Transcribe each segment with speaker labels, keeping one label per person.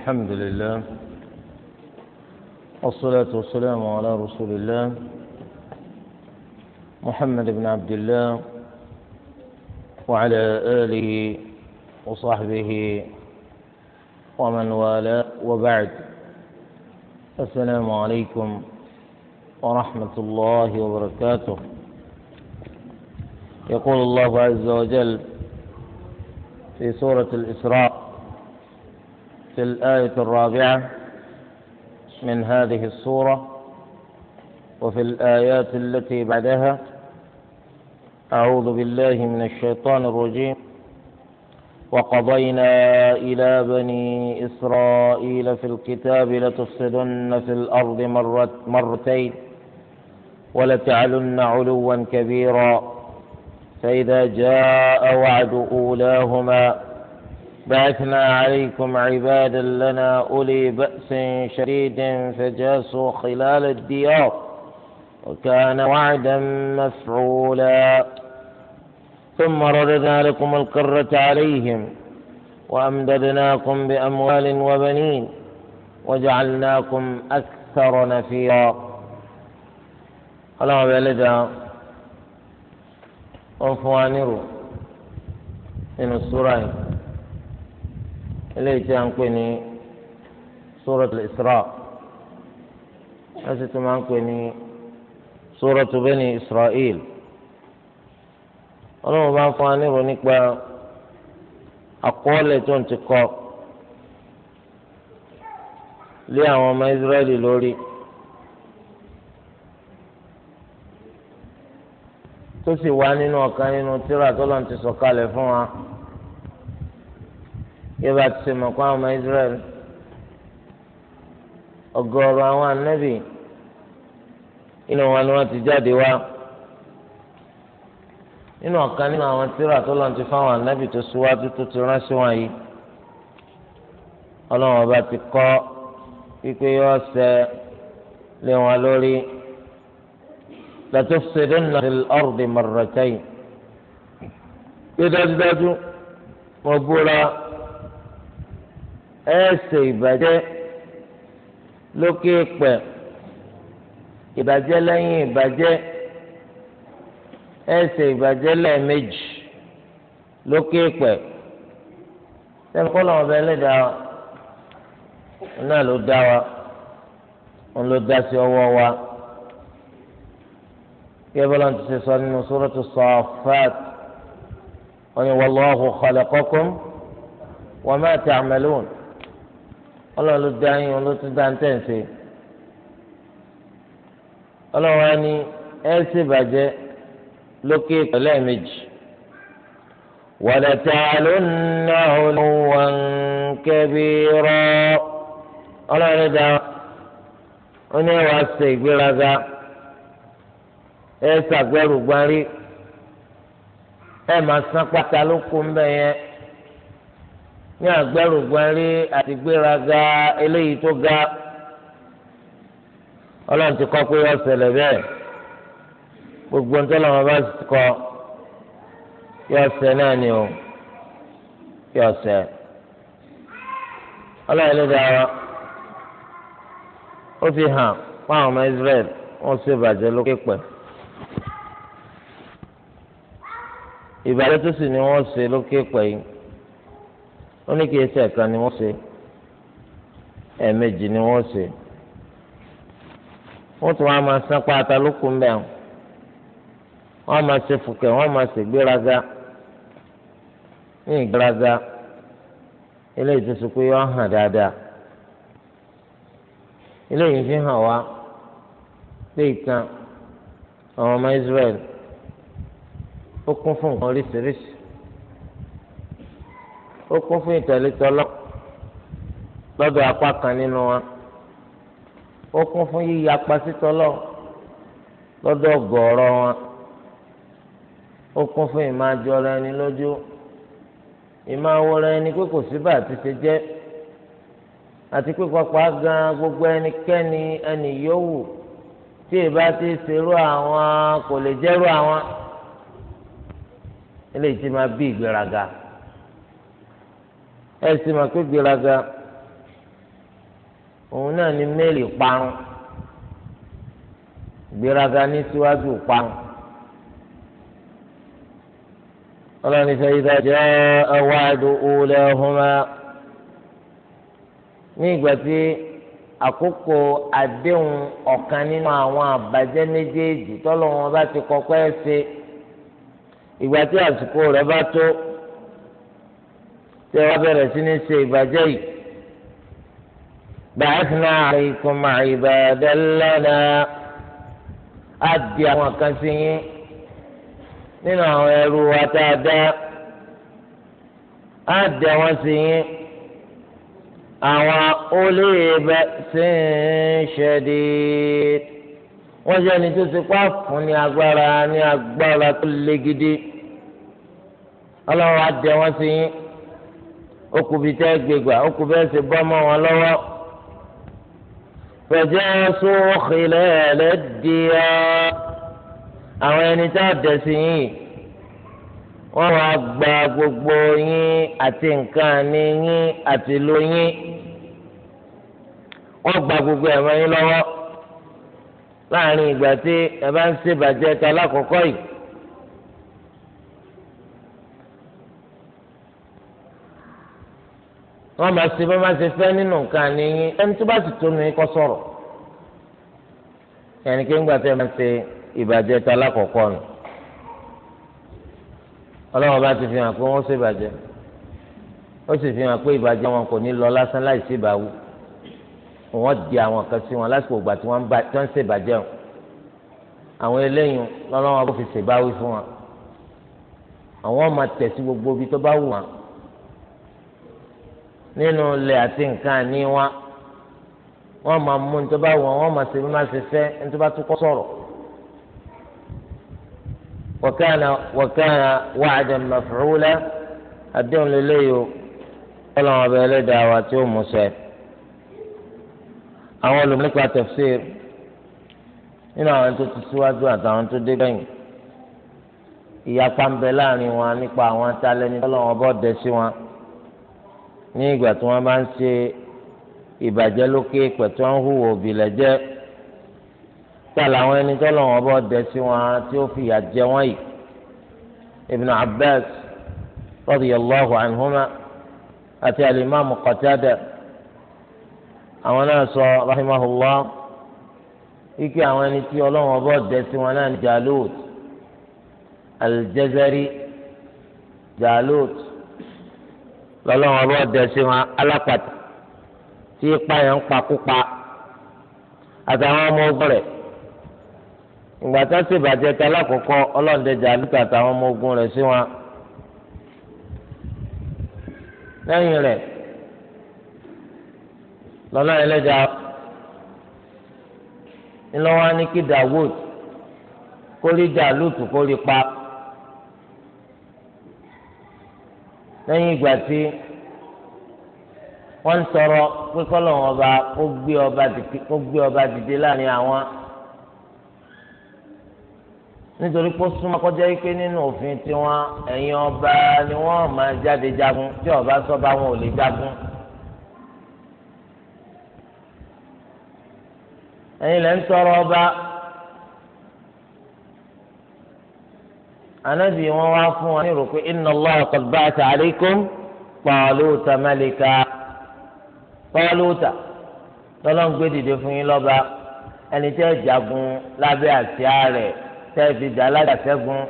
Speaker 1: الحمد لله والصلاة والسلام على رسول الله محمد بن عبد الله وعلى آله وصحبه ومن والاه وبعد السلام عليكم ورحمة الله وبركاته يقول الله عز وجل في سورة الإسراء في الآية الرابعة من هذه السورة وفي الآيات التي بعدها أعوذ بالله من الشيطان الرجيم وقضينا إلى بني إسرائيل في الكتاب لتفسدن في الأرض مرت مرتين ولتعلن علوا كبيرا فإذا جاء وعد أولاهما بعثنا عليكم عبادا لنا أولي بأس شديد فجاسوا خلال الديار وكان وعدا مفعولا ثم رددنا لكم القرة عليهم وأمددناكم بأموال وبنين وجعلناكم أكثر نفيرا الله بلدا وفوانروا من السورة eléyìí tí a ń pè ní suratul Isra láti tún máa ń pè ní suratu Bani Isra'il ọlọ́run bá ń fún wa nírò nípa àkọọ́lẹ̀ tó ń ti kọ lé àwọn ọmọ Israẹli lórí. tó sì wá nínú ọ̀kan nínú tírà tó lọ́n ti sọ̀kalẹ̀ fún wa yóò bá ti ṣe mọ̀ kó àwọn ọmọ Israẹli ọ̀gọ̀ọ̀rọ̀ àwọn anábì inú wọn ni wọ́n ti jáde wá nínú ọ̀kan nínú àwọn tírà tó lọ́n ti fáwọn anábì tó síwájú tó ti ránṣẹ́ wọn yìí ọlọ́run ọba ti kọ́ pípé yọ ṣẹ lé wọn lórí latufsidunna fil ardi marratayn yìí dájúdájú mo búra. Ese ìbàjẹ́ lókè pẹ̀ ìbàjẹ́ lẹ́yìn ìbàjẹ́ ese ìbàjẹ́ lẹ́ẹ̀mejì lókè pẹ̀ náà ló dá wa ló dá sí wa kí ẹbí ti ṣe sọ nínú ọlọ́run ló dá yín ló tún dá ń tẹ̀sẹ̀ ọlọ́run á ní ẹ ṣèbàjẹ́ lókè pẹ̀lẹ́ méjì
Speaker 2: wàdàtà ló
Speaker 1: ń ń kẹ́bí rọ́ ọlọ́run dá ó ẹ ní àgbẹrùgbẹrí àti gbéraga eléyìí tó ga ọlọ́run ti kọ́ pé wọ́n ṣẹlẹ̀ bẹ́ẹ̀ gbogbo ń tọ́lọ́ wọn bá kọ́ yọ ṣẹ náà ni o yọ ṣẹ ọlọ́run ló dára ó fi hàn fáwọn ọmọ Israẹl wọ́n ṣe bàjẹ́ lókè pẹ̀ ìbàjẹ́ tó sì ni wọ́n ṣe lókè pẹ̀ yìí. ó ní kí ẹsẹ̀ kan ni wọ́n ṣe ẹ̀ẹ̀mejì ni wọ́n ṣe wọ́n tún wá máa sán pátá lókun bẹ́ẹ̀ wọ́n máa ṣe fùkẹ́ wọ́n máa ṣe gbéraga ní ìgbéraga eléyìí tó yọ hàn dáadáa eléyìí fi ó kún fún ìtẹ̀lẹ́tọ́lọ́ lọ́dọ̀ apá kan nínú wa ó kún fún yíya pasítọ́lọ́ lọ́dọ̀ gọ̀ọ̀rọ̀ wa ó kún fún ìmájọra ẹni lójú ìmáwọra ẹni pé kò síbà àti ṣe jẹ́ àti pé pàpà gan gbogbo ẹnikẹ́ni ẹni yòówù tí ìbá ti ṣerú àwọn kò lè jẹ́rú àwọn eléyìí ti máa bí ìgbéraga ẹ sì máa pé gbéraga òun náà ni méèlì parun gbéraga ní síwájú parun. ọlọ́ni fẹ́yìntà jẹ́ ẹwàádùn òòlẹ̀ ọ̀húnmá ní ìgbà tí àkókò àdéhùn ọ̀kan nínú àwọn àbàjẹ́ méjèèjì tọ́lọ́wọ́n bá ti kọ́kọ́ ẹ̀ ṣe ìgbà tí àsìkò rẹ̀ bá tó tẹ wá bẹ̀rẹ̀ sí ní ṣe ìbàjẹ́ yìí. بعثنا عليكم عبادا لنا أدي وكسي nínú àwọn ẹrú wa tá a dá á dẹ wọn sí yín àwọn olóyèbẹ sí ń ṣẹdí wọn jẹ ẹni tó ti pa fún ní agbára ní agbára tó lé gidi Ọlọ́run á wọn sí yín okùnbi tẹ́ gbégbá okùnbi ẹ̀ sì bọ́ mọ́ wọn lọ́wọ́. فجاسوا خلال الديار àwọn ẹni tá a dẹ̀ sí yìí wọ́n wá gba gbogbo yín àti nǹkan ní yín àti ìlú yín wọ́n gba gbogbo ẹ̀mọ́ yín lọ́wọ́ láàrin ìgbà tí ẹ bá ń ṣèbàjẹ́ ta yìí. wọ́n máa ṣe bá máa ṣe fẹ́ nínú nǹkan àníyìn ẹni tó bá sì tó nu kọ́ sọ̀rọ̀ ẹni kí ń gbà tẹ́ máa ṣe ìbàjẹ́ ta lákọ̀ọ́kọ́ nù ọlọ́run bá ti fi hàn pé wọ́n ṣe ìbàjẹ́ ó sì fi hàn pé ìbàjẹ́ wọn kò ní lọ lásán láì ìbáwú wọ́n di àwọn kan sí wọn lásìkò ìgbà tí wọ́n ń ṣe ìbàjẹ́ wọn àwọn eléyìí lọ́lọ́wọ́n bó fi ṣèbáwí fún wọn àwọn ọmọ tẹ̀sí gbogbo ibi tó bá wù wọn nínú ilẹ̀ àti nǹkan àní wa wọ́n máa mú ní tó bá wọ̀ wọ́n máa ṣe bí má ṣe fẹ́ ní tó bá tún kọ́ sọ̀rọ̀. وكان وكان وعدا مفعولا الدين لليو ọlọ́run ọba ẹlẹ́dàá wa tí ó mú ṣẹ àwọn olùmọ̀lẹ́kọ̀ọ́ tafsir nínú àwọn tó ti síwájú àtàwọn tó dé bẹ́yìn ìyapa ń bẹ láàrin wọn nípa àwọn atálẹ́ni ọlọ́run ọba ọ̀dẹ sí wọn ní ìgbà tí wọ́n bá ń ṣe ìbàjẹ́ lókè pẹ̀tù ń hùwà òbílẹ̀ jẹ́ tá làwọn ẹni tó lọ́wọ́ bọ́ dẹ sí wọn tí ó fìyà jẹ wọ́n yìí Ibn Abbas radiyallahu anhuma àti alimami Qatada àwọn náà sọ rahimahullah ike àwọn ẹni tí ọlọ́wọ́ bọ́ dẹ sí wọn náà ní Jalut al-Jazari lọ́lọ́wọ́n bọ́ dẹ sí wọn alápàtà tí ipa yẹn ń pakúpa àtàwọn ọmọ ogun rẹ̀ ìgbà tó sì bàjẹ́ ta lákòókò ọlọ́ọ̀dẹjà lùtà àtàwọn ọmọ ogun rẹ̀ sí wọn. lẹ́yìn rẹ̀ lọ́lọ́ ẹlẹ́jà ńlọ́wọ́ ní kí Dawud kórìí Jálútù kórìí pa. lẹ́yìn ìgbà tí wọ́n ń tọrọ pé kọ́lọ̀ ọba ó gbé ọba dìde láàrin àwọn nítorí pé ó súnmọ́ kọjá wípé nínú òfin tiwọn ẹ̀yin ọba ni wọ́n máa jáde jagun tí ọba sọ́ba wọn ò lè jagun. ẹ̀yin lẹ́ ń tọrọ ọba. anabi wọn wá fún wa ní rò pé inna Allaha qad ba'atha alaykum Taluta malika Taluta tọ́lọ́n gbé dìde fún yín lọ́ba ẹni tẹ́ jagun lábẹ́ àsíá rẹ̀ tẹ́ fi dà ládàá sẹ́gun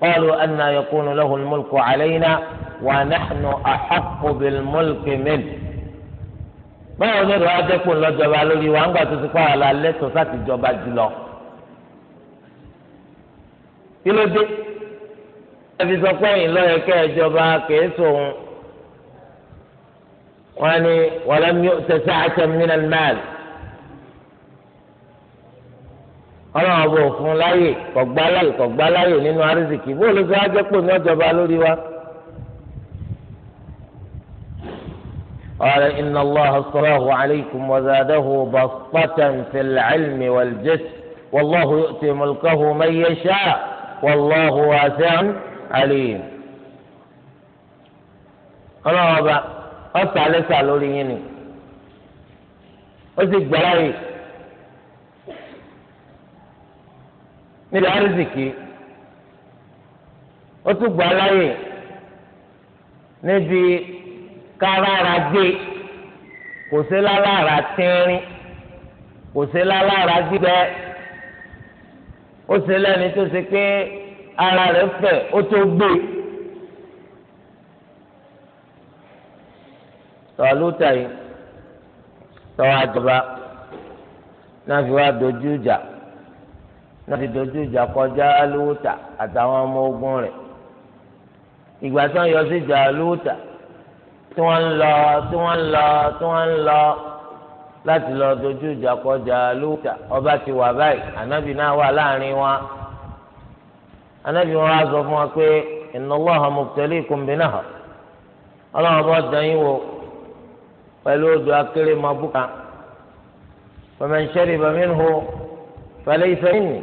Speaker 1: qalu anna yakunu lahu al-mulku alayna wa nahnu ahaqqu báwo ni ìrora dẹ́kun lọ́jọba lórí wa ń gbà tó pa àlà lẹ́tọ̀ọ́ jọba jùlọ. kí ló dé? ẹbí sọ pé òyìn yẹ kẹ́ ìjọba kìí sòun wọn ni wàlá mi tẹsẹ̀ àtẹ mìíràn náà ọlọ́run ọba òfun láyè kọ̀gbá láyè kọ̀gbá láyè nínú àrísìkì bó ló fi ajẹ́ pò ní ọjọba lórí wa. قال إن الله اصطفاه عليكم وزاده بسطة في العلم والجسم والله يؤتي ملكه من يشاء والله واسع عليم ọlọ́run ọba ọ̀sà alẹ́sà lórí yín ni ó sì gbọ́ra yìí níbi àrísìkì ó tún gbọ́ aláyè níbi kárára gbé kò sí lálára tínrín kò sí lálára gbígbẹ ó sì lẹ́ni tó ṣe pé ara rẹ̀ fẹ̀ ó tó gbé. tọ́lúta yìí tọ́wọ́ àjọba náà fi wá dojú ìjà náà fi dojú ìjà kọjá lóòótà àtàwọn ọmọ ogun rẹ̀ ìgbà tí wọ́n yọ sí ìjà lóòótà tí wọ́n ń lọ tí wọ́n ń lọ tí wọ́n ń lọ láti lọ dojú ìjà kọjá lóòótà ọba ti wà báyìí ànábì náà wà láàrin wọn anabi wọn á sọ fún wa pé inna Allaha mubtalikum binahar ọlọ́run bá dán yín wò pẹ̀lú odò akéré máa bùkà faman shariba minhu falaysa minni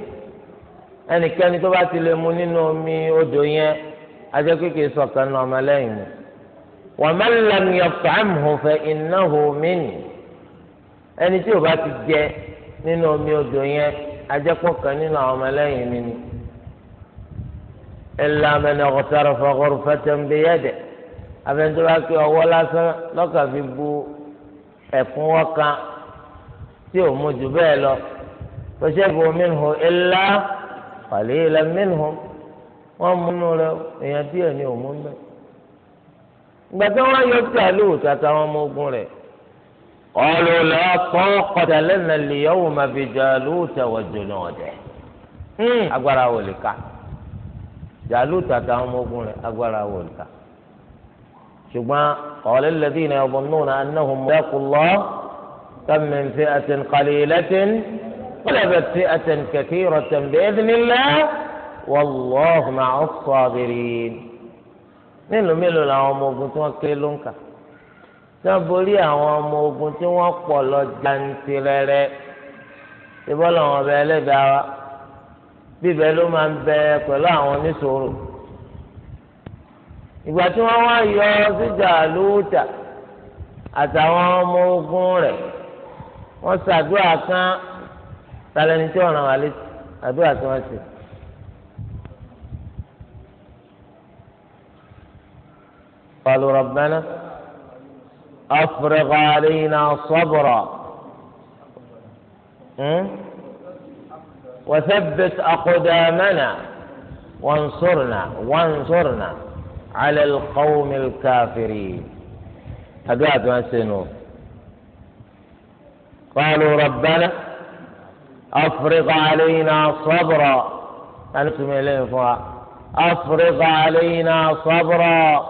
Speaker 1: ẹnikẹ́ni tó bá ti lè mu nínú omi odò yẹn ajẹ́ kékeré sọ̀kan náà ọmọlẹ́yìn mu wa man lam yat'amhu fa innahu minni ẹni tí o bá ti jẹ nínú omi odò yẹn ajẹ́ kọ̀ọ̀kan nínú àwọn ọmọlẹ́yìn mi ni. إلا من اغترف غرفة بيده أبن تباكي أولا سنة لك في بو ẹ̀fún ọkàn tí ò mú jù bẹ́ẹ̀ lọ fẹsẹ̀fù minhu illa qalilan minhum wọ́n mú nù rẹ èèyàn díẹ̀ ni ò mú mẹ́. ìgbà tí wọ́n yọ tàlù tàtàwọn ọmọ ogun rẹ̀ qalu la taqata lana al-yawma bi Jaluta wa junudihi. agbára wò lè jàlúùtù àtàwọn ọmọ ogun rẹ̀ agbára wò ń ta ṣùgbọ́n ọ̀lẹ́ lẹ́dí iná ọ̀bọ̀n náà náà anáhùn mọ́lákùlọ́ kàmín fi àtẹn kàlílẹ́tìn kọlẹ́bẹ̀ fi àtẹn kẹ̀kẹ́ ìrọ̀tẹ̀n bẹ́ẹ̀dínlẹ́ wọ́lọ́hùn àọ́sọ̀ àbẹ̀rẹ̀ mélòó mélòó làwọn ọmọ tí wọ́n kéré ló ń kà tí wọ́n borí àwọn ọmọ tí wọ́n pọ̀ lọ jantirẹrẹ ìbọ́lọ̀ wọn bẹ́ẹ̀ lẹ́dàá wa bíbẹ ló máa ń bẹ pẹ̀lú àwọn oníṣòro ìgbà tí wọ́n wá yọ síjà lóòótà àtàwọn ọmọ ogun rẹ̀
Speaker 2: wọ́n ṣàdúrà kan
Speaker 1: talẹni tí ọ̀ràn wà létí àdúrà tí wọ́n ṣe. قالوا ربنا أفرغ علينا صبرا وثبت أقدامنا وانصرنا وانصرنا على القوم الكافرين أقعد وأسنوا قالوا ربنا أفرغ علينا صبرا أنتم إليه أفرغ علينا صبرا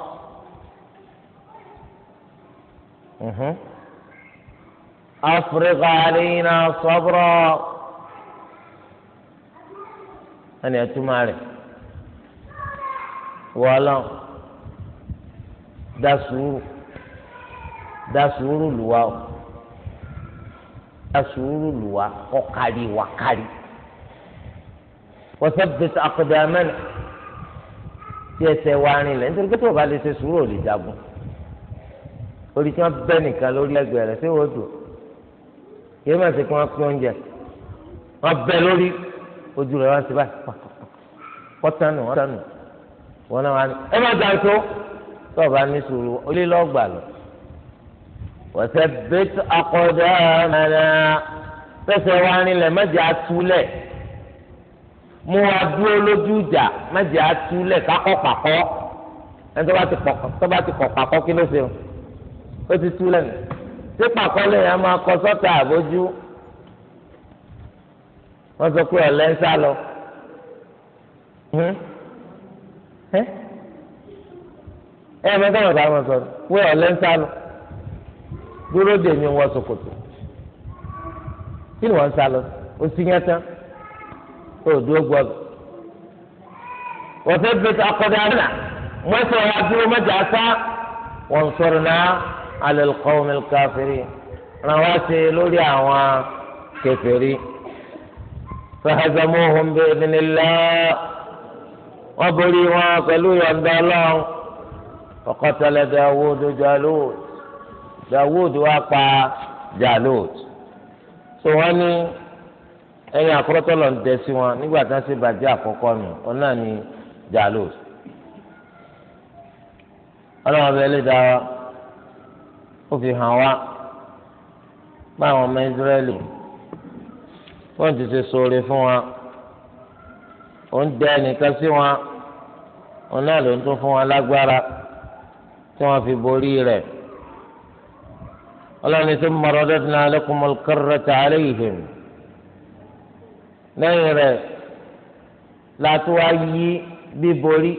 Speaker 1: أفرغ علينا صبرا ẹni ẹtúmọ̀ rẹ̀ wọ́ọ́lọ́ dá sùúrù dá sùúrù lùwà o dá sùúrù lùwà ọ̀kàrí wàkàrí wọ́sẹ̀bẹ̀tẹ̀ àkọ́dẹ̀ amẹ́nà tí ẹsẹ̀ wa rinlẹ̀ nítorí pé tí o bá lè ṣe sùúrù ò lè jagun orí tí nìkan lórí ẹgbẹ́ ṣé wọ́n dùn yéé má ṣe kí wọ́n pín oúnjẹ
Speaker 2: wọ́n bẹ́ lórí
Speaker 1: ojú rẹ̀ wá sí báyìí kọ́tánù kọ́tánù wọn náà wá ní ẹ má gbà tó tó o bá ní sùúrù olè lọ́gbà lọ. wọ́sẹ̀ bẹ́tù akọ̀dá mẹ́ra fẹsẹ̀ wá nílẹ̀ mẹ́jẹ̀ atúlẹ̀ mú wa dúró lójú ìjà mẹ́jẹ̀ atúlẹ̀ kákọ́ pàkọ́ ẹni tó bá ti kọ̀ pàkọ́ kí ló ṣe o ó ti túlẹ̀ ní. sí pàkọ́ lẹ́yìn a máa kọ sọ́tà àbójú. So wọ́n sọ pé ọ̀lẹ́ ń sá lọ ẹ ẹ mẹ́ta wọn sáà wọn sọ pé ọ̀lẹ́ ń sá lọ dúró dè mí wọ́n ṣòkòtò kí ni wọ́n ń sá lọ ó sì yẹn tán ó dúró gbọ́dọ̀ wọ́n fẹ́ bẹ́ẹ̀ akọ́dá náà mọ́tò ọ̀la dúró mọ́jà sá wọ́n sọ̀rọ̀ náà alẹ́ kọ́ omi káfírí ràn wá sí lórí àwọn kẹfẹ́rí. فهزموهم بإذن الله وبري وقالوا يا الله وقتل داوود جالوت داوود وقع جالوت سواني ẹyin àkọ́rọ́tọ́ lọ ń dẹ sí wọn nígbà tí wọ́n ṣe bàjẹ́ àkọ́kọ́ nù òun náà ni jàlóòs ọlọ́run ọbẹ̀ ẹlẹ́dàá wa ó fi hàn wá báwọn ọmọ ìsírẹ́lì wọ́n ti ṣe sóore fún wa ó ń dẹ ẹnìkan sí wọn òun náà ló ń tún fún wọn lágbára tí wọ́n fi borí rẹ̀ ọlọ́ni tó mọ̀rọ̀ dọ́tún náà lẹ́kùnmọ́ kẹrẹ tààrẹ ìhìn lẹ́yìn rẹ̀ látó wá yí bíborí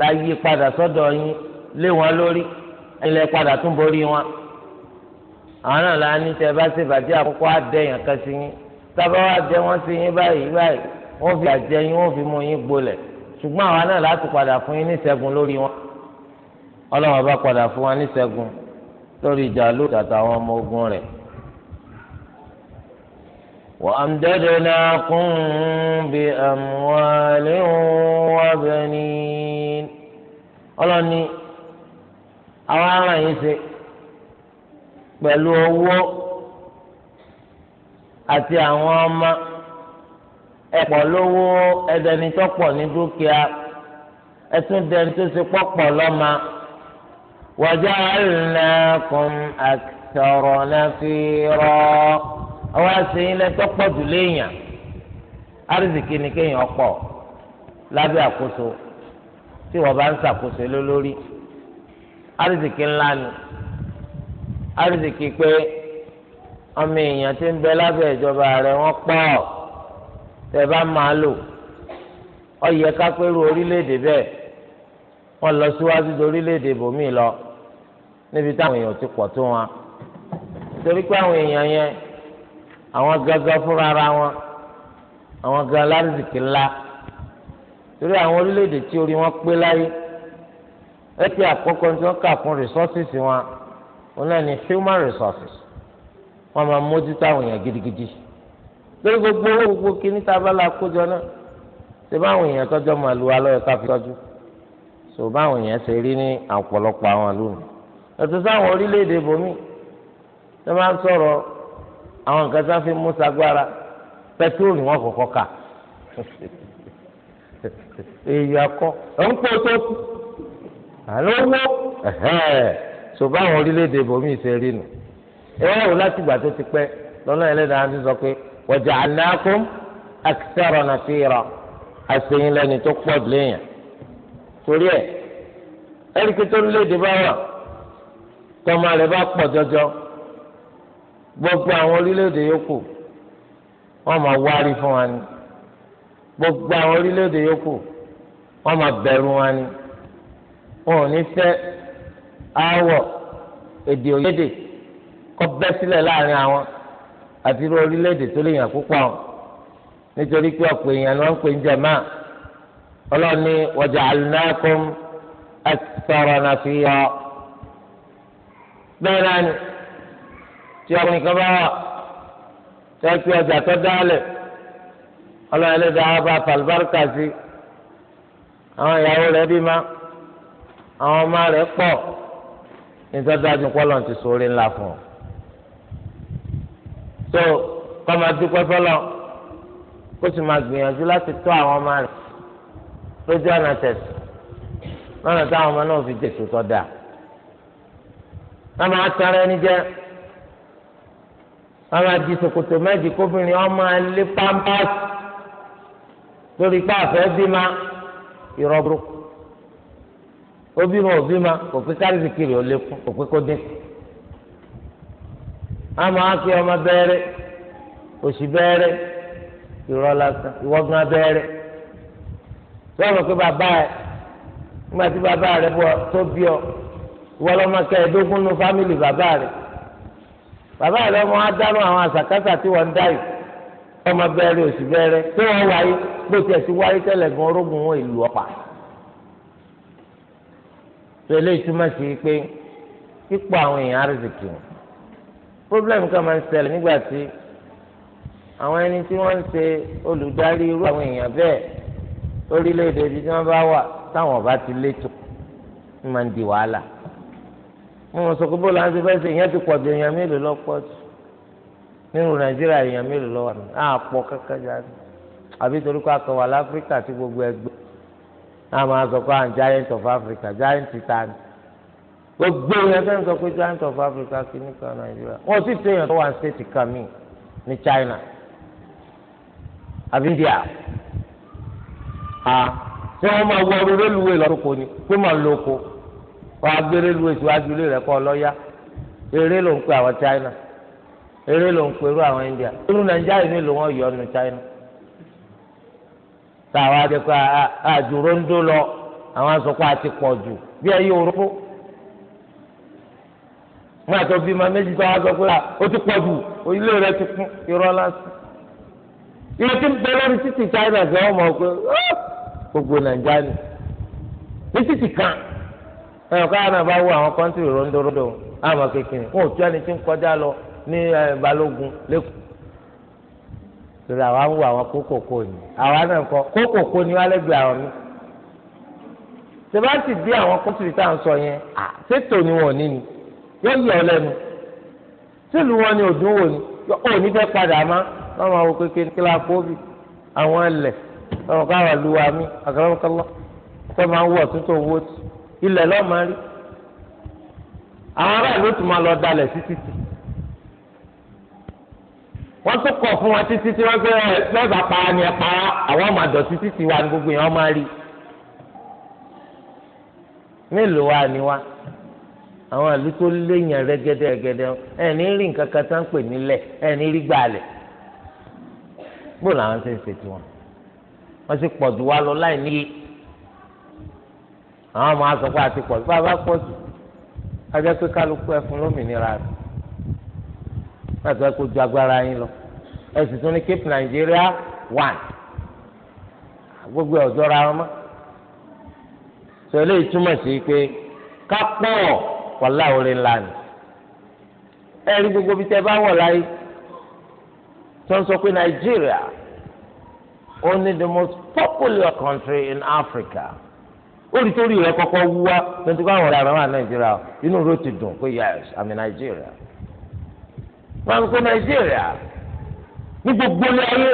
Speaker 1: la yí padà sọ́dọ̀ yín lé wọn lórí ilẹ̀ padà tún borí wọn àwọn náà la ní tẹ bá ṣèbàjẹ́ àkọ́kọ́ àdéhùn kan sí yín sábà wà jẹ wọn sí yín báyìí báyìí wọn fi àjẹ yín wọn fi mú yín gbolẹ̀ ṣùgbọ́n àwa náà láti padà fún yín níṣẹ́gun lórí wọn Ọlọ́run bá padà fún wa níṣẹ́gun lórí Jálútù àtàwọn ọmọ ogun rẹ̀. وأمددناكم بأموال وبنين ọlọ́ni àwọn ará yìí ṣe pẹ̀lú àti àwọn ọmọ ẹ̀pọ̀ lówó ẹ̀dẹ̀ni tó pọ̀ ní dúkìá dẹni tó ṣe pọ̀pọ̀ lọ́mọ. waja'alnakum akthara nafira àwọn àṣeyìn lẹ́tọ́ pọ̀ jù léèyàn àrísìkí ni kéèyàn pọ̀ lábẹ́ àkóso tí wọ́n bá ń ṣàkóso lólórí ńlá ni pé. ọmọ èèyàn ti ń bẹ lábẹ́ ìjọba rẹ̀ wọ́n pọ̀ tẹ bá máa lò ọyẹ kápẹ́rù orílẹ̀-èdè bẹ́ẹ̀ wọ́n lọ síwájú di orílẹ̀-èdè bòmíì lọ níbi táwọn èèyàn ti pọ̀ tó wọn torí pé àwọn èèyàn yẹn àwọn gangan fúnra ara wọn àwọn gan lárìsìkì ńlá torí àwọn orílẹ̀-èdè tí orí wọn pé láyé ẹ ti àkọ́kọ́ tí wọ́n kà fún resources wọn wọn náà ní human resources wọn máa mójútó àwọn èèyàn gidigidi lórí gbogbo owó gbogbo kíní tá a bá la kójọ náà ṣe báwọn èèyàn tọjọ máa lu alọyọ ká fi tọjú ṣò báwọn èèyàn ṣe rí ní ọ̀pọ̀lọpọ̀ àwọn lónìí ẹ̀tọ́ sáwọn orílẹ̀-èdè bòmí ṣe máa ń sọ̀rọ̀ àwọn nǹkan tí wọ́n fi mú sagbára pẹtrólì wọn kọ̀ọ̀kan kà èyí akọ ń pọ tó kù àlọ́ wọ́ ṣò báwọn orílẹ̀-èdè bòmí ṣe rí nù ẹ wò láti ìgbà tó ti pẹ́ lọ́nà ẹlẹ́dàá ti sọ pé wọ̀jà anákùn akitẹ́rọ̀ nà fi rọ àṣeyìn lẹ́ni tó pọ̀ léèyàn torí ẹ̀ ẹ̀ríkì tó léde bá wà tọ́mọ rẹ̀ bá pọ̀ jọjọ gbogbo àwọn orílẹ̀-èdè yòókù wọ́n máa wárí fún wa ni gbogbo àwọn orílẹ̀-èdè yòókù wọ́n máa bẹ̀rù wa ni wọn ò ní fẹ́ aáwọ̀ èdè òyédè kọ́ bẹ́ sílẹ̀ láàrin àwọn àti irú orílẹ̀-èdè tó lè yàn púpọ̀ nítorí pé ọ̀pọ̀ èèyàn ni wọ́n ń pè ń jẹ̀má ọlọ́run ní waja'alnakum akthara nafiya bẹ́ẹ̀ náà ni tí ọkùnrin kan bá wà tẹ́ pé ọjà tó dálẹ̀ ọlọ́run ẹlẹ́dàá bá fàlùbáríkà sí àwọn ìyàwó rẹ̀ bí má àwọn ọmọ rẹ̀ pọ̀ nítorí dájú pọ́lọ́n ti sọ orí ńlá fún ọ so kọ́ máa dúpẹ́ fọlọ́ kó sì máa gbìyànjú láti tọ́ àwọn ọmọ rẹ̀ lójú ọ̀nà tẹ̀sí lọ́nà táwọn ọmọ náà fi jèsù tọ́ da
Speaker 2: wọ́n máa tara ẹni jẹ́
Speaker 1: wọ́n máa di ṣòkòtò méjì kóbìnrin ọmọ ẹlẹ́ pampers lórí pé àfẹ́ bímá ìrọ̀bùrù ó bímọ òbí ma kò pé kárìsì kiri ó lékún kò pé kó dínkù àmọ́ àfi ọmọ bẹ́ẹ̀rẹ̀ òṣì bẹ́ẹ̀rẹ̀ ìrọ̀ lásán ìwọ́gán bẹ́ẹ̀rẹ̀ sọ́ọ̀rọ̀ pé bàbá ẹ̀ nígbà tí bàbá rẹ̀ bọ̀ tó bí ọ ìwọ́ lọ́mọ kẹẹ̀ẹ́dógún nu fámìlì bàbá rẹ̀ bàbá rẹ̀ ọmọ wa dáná àwọn àṣàkáṣà tí wọ́n ń dá yìí ọmọ bẹ́ẹ̀rẹ̀ òṣì bẹ́ẹ̀rẹ̀ tí wọ́n wáyé bó tiẹ̀ wáyé tẹ́lẹ̀ gan orógùn wọn ìlú ọ̀pá tó eléyìí túmọ̀ sí pé ipò àwọn èèyàn arìsìkì wọn problem kan máa ń ṣẹlẹ̀ nígbà tí àwọn ẹni tí wọ́n ń ṣe olùdarí irú àwọn èèyàn bẹ́ẹ̀ lórílẹ̀‐èdè ibi tí wọ́n bá wà táwọn ọba ti létò ń máa ń di wàhálà mo mọ̀ sọ́kò bó láti fẹ́ ṣe ìyẹn ti pọ̀ ju èèyàn mélòó lọ pọ̀ jù nínú nàìjíríà èèyàn mélòó lọ wà ní àpọ̀ kankan jáde àbí torí kó akọ̀wà láfíríkà tí gbogbo ẹgbẹ́ náà máa sọ pé à ń giant of Africa giant titan gbogbo yẹn fẹ́ẹ́ sọ pé giant of Africa kìíní kan Nàìjíríà wọ́n sì fẹ́yàn tó wà state kan ní China àbí India a ṣé wọ́n máa wọ rélùwé lọ́kọ̀ ni pé màá lo oko wọ́n á gbé rélùwé síwájú ilé rẹ̀ kọ́ lọ́yà eré ló ń pe àwọn China eré ló ń perú àwọn India irú Nàìjíríà yìí ló wọ́n yọ ọ́nù China táwa jẹ́ pé àjùrò ń dó lọ àwọn aṣọ pé a bí ẹ yí orúkọ wọn àti òbí máa méjì tó wá sọ pé ó ti pọ̀ jù ilé rẹ ti kún irọ́ lásán ilé tí ń bẹ lórí títì China ṣe wọ́n mọ̀ pé gbogbo Nàìjíríà ni ní títì kan ẹ̀ ọ̀ká àná bá wọ àwọn kọ́ńtìrì rọ́ńdọ́rọ́dọ́ àmọ́ kékeré wọn ò tí ẹni tí ń kọjá lọ ní Balógun lẹ́kọ̀ọ́ torí àwa ń wo àwọn kókòkò ni àwa náà kọ kókòkò ni wọ́n lẹ́gbẹ̀ẹ́ àwọn mi tẹ́bá sì dé àwọn kọ́ńtìrì tá à ń sọ yẹn ṣètò ni wọ́n ní ni yọ yọ ọ lẹ́nu sílùú wọn ni òdùn wò ni ọ ní fẹ́ padà má wọn máa wo kékeré kí la kó bì àwọn ẹlẹ wọn kọ àwọn àlùwà mi àkàràkọlọ tó máa ń wọ tuntun owó tì ilẹ̀ lọ́ọ́ máa rí àwọn aráàlú tó máa lọ dalẹ̀ sí títì wọ́n tún kọ̀ fún wa títí tí wọ́n gbé lọ́ọ̀bà pa ni ẹ̀ pa àwọn ọmọ àdọ̀tí títí wa ni gbogbo yẹn wọ́n máa rí mélòó wa ni wa. àwọn àlù tó léèyàn rẹ́gẹ́dẹ́ rẹ́gẹ́dẹ́ ẹni rí nǹkan kan tá ń pè ẹni rí gbàlẹ̀ bó làwọn ṣe ń ṣe tiwọn wọ́n sì lọ láì níye àwọn ọmọ asọ pé àti bá jù bàbá pọ̀ jù ajá pé kálukú ẹ fún lómìnira láti wá kó ju lọ ẹ sì tún ní Cape Nigeria one gbogbo ọmọ sọ wàhálà orin ńlá ni ẹ̀rí gbogbo bí tẹ́ bá wọ̀ láyé tó ń sọ pé nàìjíríà ó ní the most popular country in Africa ó rí torí rẹ̀ kọ́kọ́ wú wá tó ń tó bá wọ̀ lára wà nàìjíríà inú rẹ̀ ti dùn pé yes àmì nàìjíríà
Speaker 2: wọ́n ń pè nàìjíríà
Speaker 1: ní gbogbo láyé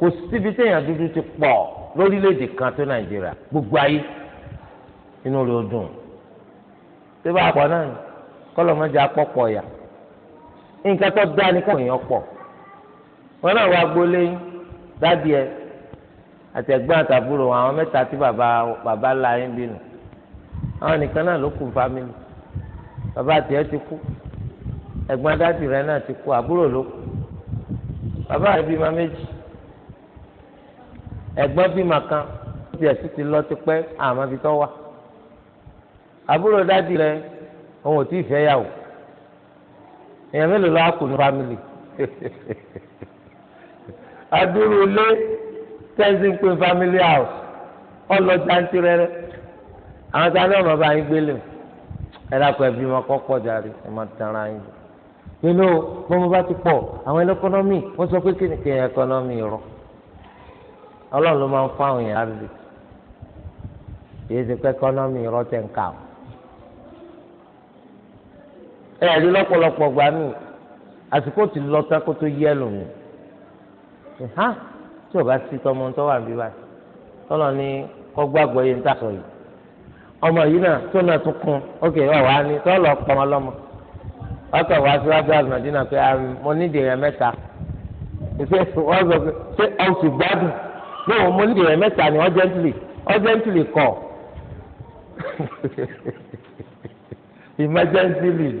Speaker 1: kò síbi téèyàn dúdú ti pọ̀ lórílẹ̀‐èdè kan tó nàìjíríà gbogbo ayé inú rẹ̀ dùn ṣé bá a pọ̀ náà ni kọ́lọ́mọdé apọ̀pọ̀ yà nǹkan tó dá ní káwọn èèyàn pọ̀ wọn náà wá gbólé dádì ẹ àtẹ̀gbọ́n àtàbúrò àwọn mẹ́ta tí bàbá bàbá la yín bínú àwọn nìkan náà ló kù fámìlì bàbá tiẹ̀ ti kú ẹ̀gbọ́n dádì rẹ náà ti kú àbúrò ló kù
Speaker 2: bàbá rẹ bímọ
Speaker 1: méjì ẹ̀gbọ́n bímọ kan bí ẹ̀sìn ti lọ ti àmọ́ fi tọ́ wà àbúrò dádì rẹ òun ò tí ì fẹ́ yàwó èèyàn mélòó ló wá kù ní fámìlì
Speaker 2: adúrú ilé
Speaker 1: tẹ́sí ń pè fámìlì house ọlọ́jà ń tirẹ́rẹ́ àwọn tí a ní ọ̀nà bá yín gbélé ẹ dákun ẹbí wọn kọ́kọ́ jáde ẹ má tẹ̀ra yín nínú bọ́mọ bá ti pọ̀ àwọn ẹlẹ́kọ́nọ́mì wọ́n sọ pé kíni kìí ẹkọ́nọ́mì rọ ọlọ́run ló máa ń fún àwọn èèyàn lábẹ́ kìí ṣe pé ẹkọ́nọ́mì rọ tẹ̀ ń kà ó
Speaker 2: ẹ ẹ̀rí lọ́pọ̀lọpọ̀
Speaker 1: gbà mí àsìkò tí lọ tán kó tó yẹ lòmìn ha tí o bá sí tọmọ tó wà níbí báyìí tọ́lọ̀ ni kọ́ gbàgbọ́ yẹn ń tàkọ̀ yìí ọmọ yìí náà tó náà tún kún ókè ọ̀wá ni tọ́lọ̀ pọ̀mọ́ lọ́mọ ọkọ̀ wá síwájú àgbàdínà pé mo nídìí rẹ̀ mẹ́ta ṣe wọ́n sọ pé ṣé ọ̀sùn gbádùn lóun mo nídìí rẹ̀ mẹ́ta ni urgently urgently kọ̀ emergency leave.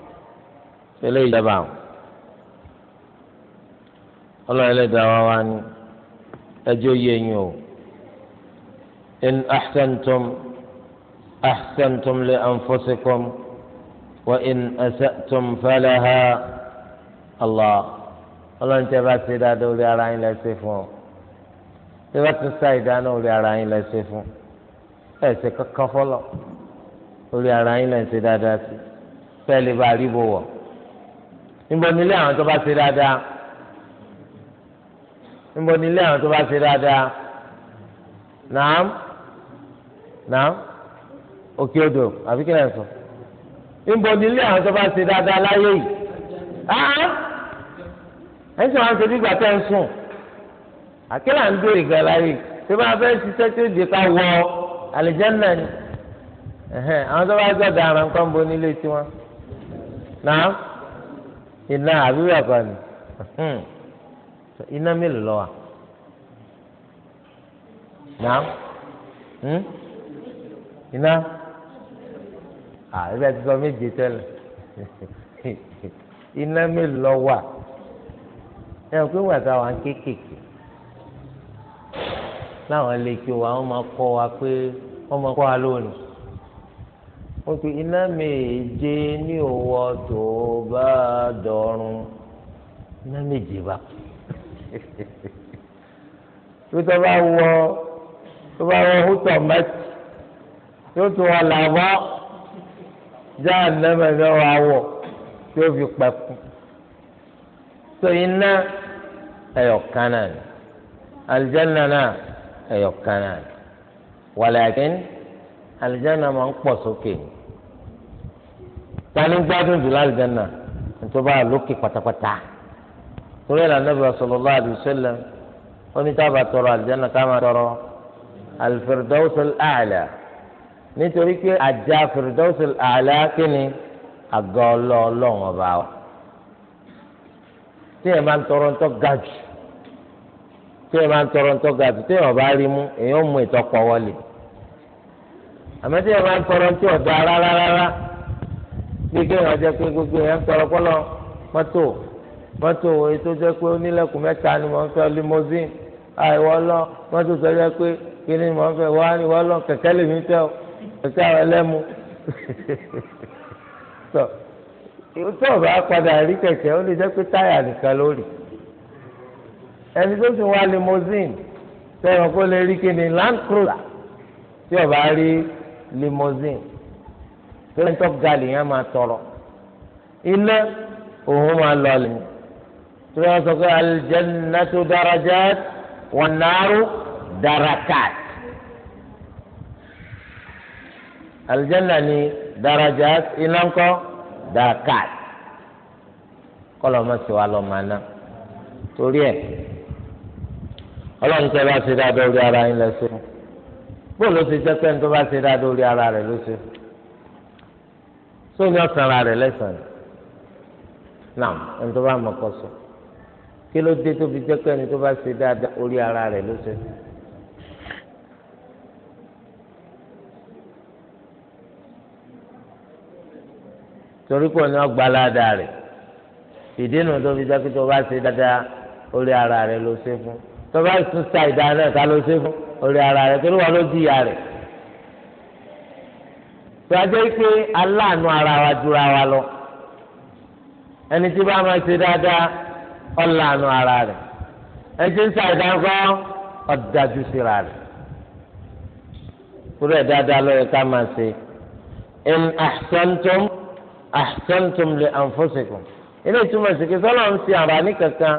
Speaker 1: eléyìí dábàá o ọlọ́run ẹlẹ́dàá wa wá ní ẹjọ́ yẹ yín o in ahsantum ahsantum li anfusikum wa in asa'tum falaha allah ọlọ́run tẹ́ bá ṣe dáadáa orí ara yín lẹ́sẹ̀ fún ọ tẹ́ bá tún ṣàì dáná orí ara yín lẹ́sẹ̀ fún ẹ̀ ṣe kankan fọlọ́ orí ara yín lẹ́sẹ̀ dáadáa sí fẹ́ẹ́ lè bá a rí bò wọ̀. níbo nílé àwọn tó bá ṣe dáadáa níbo nílé àwọn tó bá ṣe dáadáa nàám nàám òkè odò àbí kí lè sọ níbo nílé àwọn tó bá ṣe dáadáa láyé yìí
Speaker 2: áá ẹ ṣe wọn ṣe bí gbàtẹ ń sùn
Speaker 1: àkìlà ń dórí gan láyé tí wọn fẹẹ ṣiṣẹ́ tí ó di ká wọ àlìjẹnà ni àwọn tó bá ṣe ọ̀daràn kan bo nílé tiwọn nàám iná àbíwá kan ni hmm. iná mélòó lọ wà nà hmm? iná àbíwá ti sọ méje tẹ́lẹ̀ iná mélòó lọ wà ẹ ò pé wàtá wà kéékèèké láwọn lè kí wa wọ́n máa kọ́ wa pé wọ́n máa kọ́ wa lónìí ó pe iná méje ní òwò tó bá dọ̀run iná méje bá tó tó bá wọ tó bá wọ hútọ̀ mẹ́tì tó tó wọ làbọ́ já ànámẹ́ ní ọ̀rọ̀ àwọ̀ tó fi pẹ̀kú tó iná ẹ̀yọ̀kan náà aljanna náà ẹ̀yọ̀kan náà wàlẹ́ àkíní àlìjáná máa ń pọ̀ sókè ni tani gbádùn jù lálìjáná nítorí bá lókè pátápátá torí ẹ̀la nàbẹ̀ sallallahu alaihi wasallam onítàbà tọrọ àlìjáná ká máa tọrọ al-firdaws al-a'la nítorí pé àjà firdaws al-a'la kí ni àga ọlọ́ọ̀lọ́ọ̀ ọba wa tí ẹ̀ máa ń tọrọ ń tọ́ gàjù tí ẹ̀ máa ń tọrọ ń tọ́ gàjù tí ẹ̀ rí mú èèyàn mú ìtọ́pọ̀ wọlé àmọ́ tí yẹn máa ń tọrọ tí ọ̀dọ́ rárá rárá
Speaker 2: bí kéèyàn jẹ́ pé gbogbo yẹn ń tọrọ kọ́lọ́
Speaker 1: mọ́tò mọ́tò èyí tó jẹ́ pé onílẹ̀kùn mẹ́ta ni wọ́n fẹ́ limousine àìwọ́ lọ mọ́tò tó jẹ́ pé kí ni wọ́n fẹ́ wá ní wọ́n lọ kẹ̀kẹ́ lèmi fẹ́ o kẹ̀kẹ́ àwọn ẹlẹ́mu tó tó o bá padà rí kẹ̀kẹ́ ó lè jẹ́ pé táyà nìkan lórí ẹni tó sì wá limousine sẹ́wọ̀n kó lè rí kí ni Land Cruiser tí o bá rí limousine torí tó ga lèèyàn máa tọrọ ilé òun máa lọ lẹ́yìn torí wọn sọ pé aljannatu darajat wan naru darakat aljanna ni darajat iná ńkọ́ darakat kọlọ ma ṣe wa lọ màá ná torí ẹ ọlọ́run tẹ́ ṣe dáadáa orí ara yín lẹ́sẹ̀ bóun ló ṣe jẹ́ pé nítorí bá ṣe dáadáa orí ara rẹ̀ ló ṣe sóyún ọ̀sán ara rẹ̀ lẹ́sàn-án náà nítorí bá mọ̀ kọ́ sọ kí ló dé tó fi jẹ́ pé nítorí bá ṣe dáadáa orí ara rẹ̀ ló ṣe. torí pé ní ọgbà aládàá rẹ̀ ìdínà tó fi jẹ́ pé tó bá ṣe dáadáa orí ara rẹ̀ ló ṣe fún tó bá tún ṣàìdá náà ká ló ṣe fún orí ara rẹ̀ torí wọn ló di ìyá rẹ̀ tó a jẹ́ pé aláàánú ara wa jura wa lọ ẹni tí bá máa ṣe dáadáa ọ̀làánú ara rẹ̀ ẹni tí ń sa ìdáńkọ́ ọ̀dájú síra rẹ̀ kúrò ẹ̀ dáadáa lọ́yẹ̀ ká máa ṣe in ahsantum ahsantum li anfusikum ilé ìtumọ̀ ìsìnkú sọ́lọ́ ń ṣe àǹfààní kankan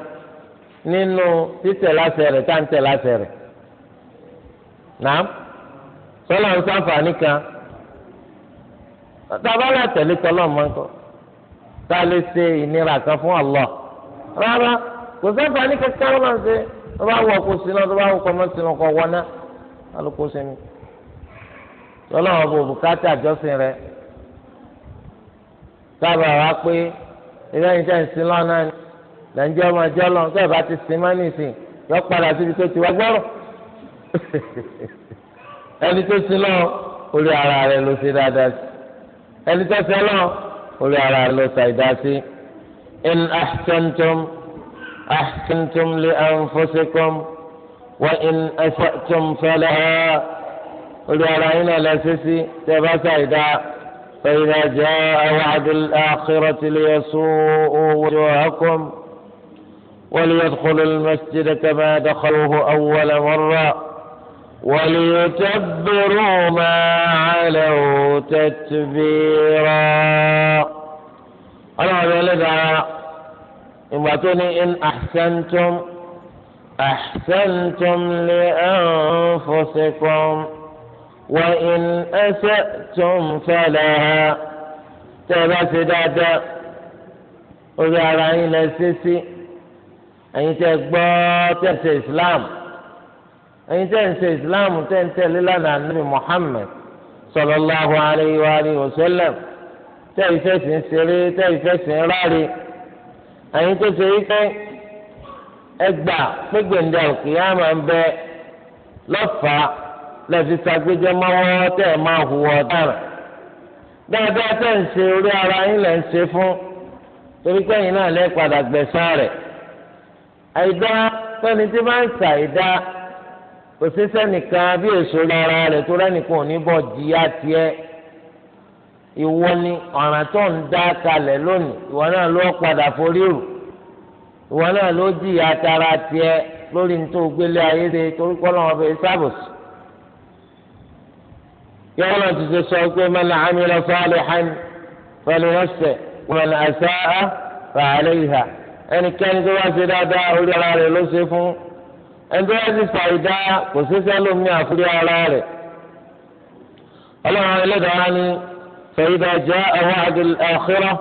Speaker 1: nínú títẹ̀ láṣẹ rẹ̀ táǹtẹ̀ láṣẹ rẹ̀. nàám sọlá ń sáfàní kan tábàlà tẹ̀lé tọ́lọ́ máa ń kọ́ tá ṣe ìnira kan fún Allah rárá kò sáfàní kankan máa ṣe bá wọ kó sinú bá wọ sinú alùpùpù sinmi wọn wá pé ilé ẹni tó sin lọ orí ara rẹ ló ṣe dáadáa sí ẹni tó sin lọ orí ara rẹ ló ṣàìdá sí. in ahsantum ahsantum lè anfusikum wa in asatum ha orí ara yín náà lọ sí sí tẹ bá jẹ àdúl ṣàìdá فإذا جاء وعد الآخرة ليسوءوا وجوهكم وليدخلوا المسجد كما دخلوه أول مرة وليتبروا ما علوا تتبيرا
Speaker 2: ọlọ́run ọ̀rẹ́ ẹlẹ́dàá
Speaker 1: ìgbà tó ní in ahsantum ahsantum li anfusikum wa in asa'tum falaha tẹ́ ẹ bá ṣe dáadáa orí ara yín lẹ ṣe sí ẹ̀yin tẹ́ gbọ́ tẹ̀sẹ̀ islam. ẹ̀yin tẹ́ ń ṣe ìsìláàmù tẹ́ ń tẹ̀lé lánàá nàbì Muhammad sallallahu alayhi wa alihi wa sallam tẹ́ ìfẹ́ sìn ṣeré tẹ́ ìfẹ́ ráre ẹ̀yin tó ṣe wípé ẹgbà pégbèǹdà òkèèyàmà ń bẹ lẹ́fi sagbẹ́jẹ́ tẹ́ máa fún torí náà lẹ́ padà rẹ̀ àìdá tí ń ṣàìdá. kò sí sẹ́nìkan bí èso lára rẹ̀ tó rẹ́nìkan ò ní bọ̀ di àtiẹ́ ìwọ ni ọ̀ràn tó ń dá kalẹ̀ lónìí ìwọ náà ló padà forí rù ìwọ náà ló tara tiẹ̀ lórí ní tó gbélé ayé de torí kọ́ lọ́wọ́ fẹ́ sábòsì. yọ́n náà ti ṣe sọ pé man amila salihan fali nafsihi wa man asa'a fa alayha ẹnikẹ́ni tó bá ṣe dáadáa orí ara rẹ̀ ló ṣe fún ẹnjẹ ẹsì fàyídá kò sẹsẹ lómi àfúrí ara rẹ̀ Ọlọ́run Ẹlẹ́dàá ni fàyídá jẹ ẹwọn àdùn ẹkọrọ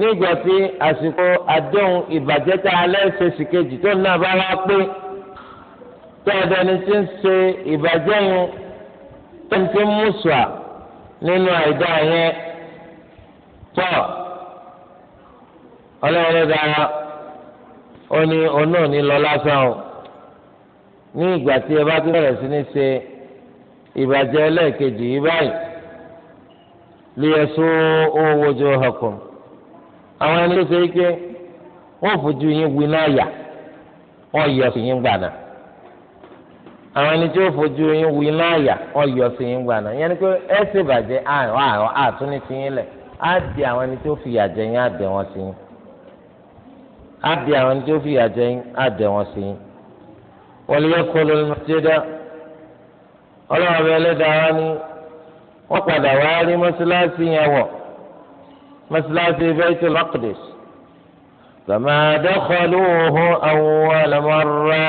Speaker 1: nígbà tí àsìkò àdéhùn ìbàjẹ́ tá a lẹ́sẹ̀ sì kejì tó náà bá wá pé tó ọ̀dẹ́ni ti ń ṣe ìbàjẹ́ yẹn tó ń ti mú nínú àìdá yẹn pọ̀ Ọlọ́run Ẹlẹ́dàá ó ní òun náà ní lọ lásán o ní ìgbà tí ẹ bá tó bẹ̀rẹ̀ sí ní ṣe ìbàjẹ́ ẹlẹ́ẹ̀kejì yìí báyìí liyẹsọ owó wojú ọkọ àwọn ẹni tó ṣe é pé wọ́n fojú yín wí náà yà wọ́n yọ sí yín gbàdà àwọn ẹni tí ó fojú yín wí náà yà wọ́n yọ sí yín gbàdà yẹn ni pé ẹ ṣe bàjẹ́ àrùn àtún ní tiyín lẹ̀ á di àwọn ẹni tó fìyà jẹ yín á dẹ̀ wọ́n sí yín á di àwọn ẹni tó fìyà jẹ yín á dẹ̀ wọ́n sí yín. وليدخل المسجد ọlọ́run ọba ẹlẹ́dàá ni wọ́n padà wá rí mọ́sálásí yẹn wọ̀ mọ́sálásí bẹ́ẹ̀tì lọ́kìdìs gbàmà àdọ́kọ̀lù òhun àwọn ọlọ́mọ́ra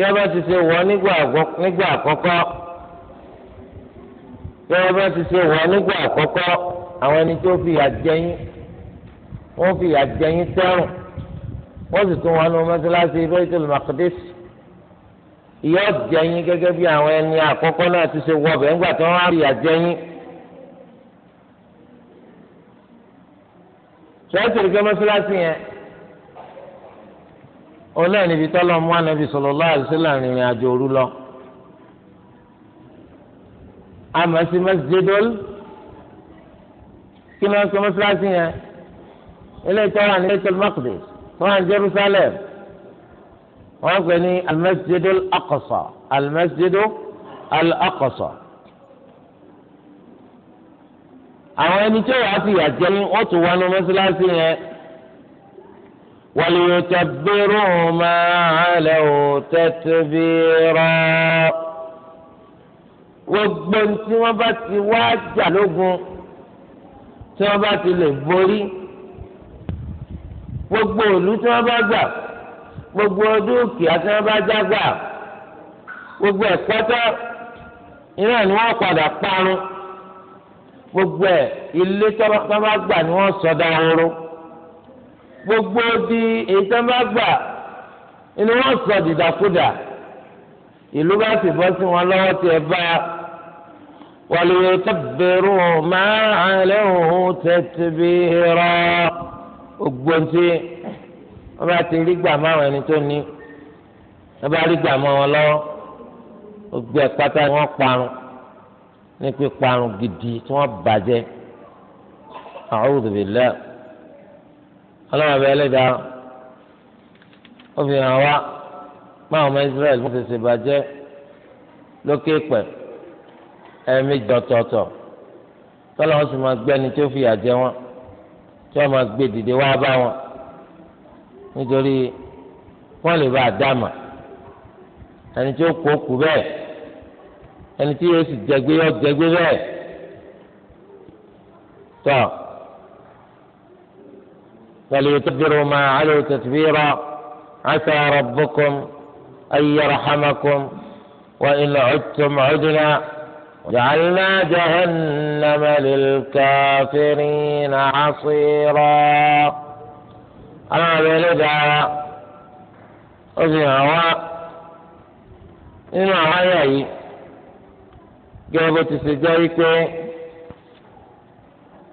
Speaker 1: yọ bá ti ṣe wọ̀ nígbà àkọ́kọ́ yọ bá ti ṣe wọ̀ nígbà àkọ́kọ́ àwọn ẹni tó fìyà jẹyìn wọ́n fìyà jẹyìn tẹ́rùn wọ́n sì tún wọn nu mọ́sálásí bẹ́ẹ̀tì lọ́kìdìs ìyá jẹyìn gẹ́gẹ́ bí àwọn ẹni àkọ́kọ́ náà ti ṣe wọbẹ ńgbà tí wọn á rí àjẹyìn. sọ́ọ́sì rí gẹ́mọ́síláṣí yẹn olóyè níbi tọ́lọ́ mú ànábì sallallahu alaihi wasallam rìnrìn àjò òru lọ. àmọ́sí masjidol kí ni wọ́n sọ mọ́síláṣí yẹn ilé ìtọ́wà ní Baitul Maqdis tó wà ní Jerusalem wọ́n pè ní almasjidu al-aqsa almasjidu al-aqsa. àwọn ẹni tí wàá fìyà jẹ ní wọ́n tún wọnú mọ́sálásí yẹn wàlúùtàbírù máa lẹ́wọ̀ tẹ́tẹ́bírà. gbogbo tí wọ́n bá ti wá jà tí wọ́n bá ti lè borí gbogbo ìlú tí wọ́n bá gbà gbogbo dúkìá tí wọ́n bá jágbà gbogbo ẹ̀ pátá iná ni wọ́n padà parun gbogbo ẹ̀ ilé tí wọ́n bá gbà ni wọ́n sọ dáhoro gbogbo di èyí tí wọ́n bá gbà ni wọ́n sọ dìdàkudà ìlú bá sì bọ́ sí wọn lọ́wọ́ tí ẹ bá wàlúwẹ̀ tẹ̀bẹ̀rù máa ń lẹ́hùn tẹ̀tẹ̀bẹ̀rọ gbogbo ti wọ́n bá ti rí gbà máwọn ẹni tó ní wọ́n bá rí gbà máwọn lọ́wọ́ gbogbo ẹ̀ pátá ni wọ́n parun ní píparun gidi tí wọ́n bàjẹ́ a'udhu billah ọlọ́wọ́ bẹ́ẹ̀ lẹ́dàá ó fi hàn wá máwọn ọmọ Israẹl wọ́n ṣẹ̀ṣẹ̀ bàjẹ́ lókè pẹ̀ ẹ̀ẹ́mẹ́jì ọ̀tọ̀ọ̀tọ̀ tọ́lá wọn sì máa gbẹ́ni tó fìyà jẹ wọn tí wọ́n máa gbé dìde wá bá wọn. nítorí wọ́n lè bá a dáàmà ẹni tí ó kó kú bẹ́ẹ̀ ẹni tí yóò sì jẹgbé yóò jẹgbé bẹ́ẹ̀ tọ́ فليتبروا ما علوا تتبيرا عسى ربكم أن يرحمكم وإن عدتم عدنا جعلنا جهنم للكافرين عصيرا ọlọ́run ọbẹ̀ ẹlẹ́dàá ara ó fi hàn wá nínú àwọn àyà yìí gẹ́gẹ́ bó ti ṣe jẹ́ wípé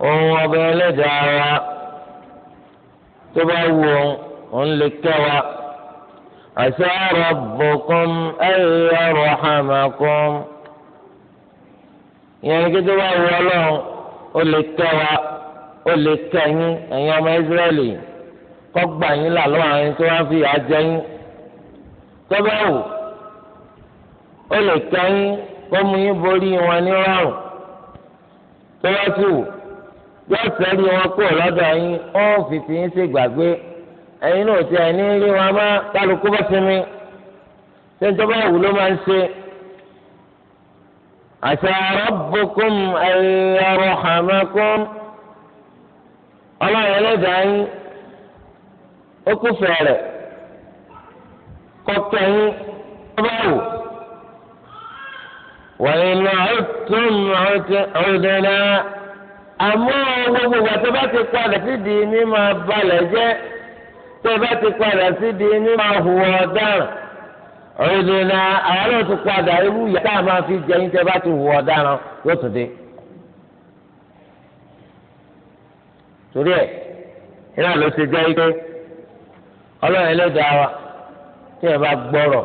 Speaker 1: òun ọbẹ̀ ẹlẹ́dàá ara
Speaker 2: tó bá wù òun
Speaker 1: òun lè kẹwàá. عسى ربكم أن يرحمكم ìyẹn ni kíkẹ́ wá wọ ọlọ́run ó lè kẹ́ ó lè kẹ́ yín ọmọ ìsírẹ́lì yìí kọgbà yín là lọ́wọ́ àwọn tí wọ́n fi yà jẹ yín tọ́ba wò ó lè ká yín kó mú yín borí wọn ní rọrùn tọ́ba sì wò yóò sẹ́rí wọn kúrò lọ́dọ̀ yín ó fi fi yín ṣe gbàgbé ẹ̀yin náà ti ẹ̀ ní rí wọn má kálukú bá sinmi ṣé tọ́ba wò ló máa ń ṣe. عسى ربكم أن يرحمكم الله يلدعي ó kú fẹ̀rẹ̀ kọ́tọ̀ yín ọba wò wọ́n iná gbogbo ìgbà tó bá ti padà ní máa tó bá ti padà ní máa àwọn náà ti padà a máa fi jẹ yín tẹ́ bá ti yóò tún dé. torí ike. ọlọ́run ẹlẹ́dàá wa tí ẹ bá gbọ́rọ̀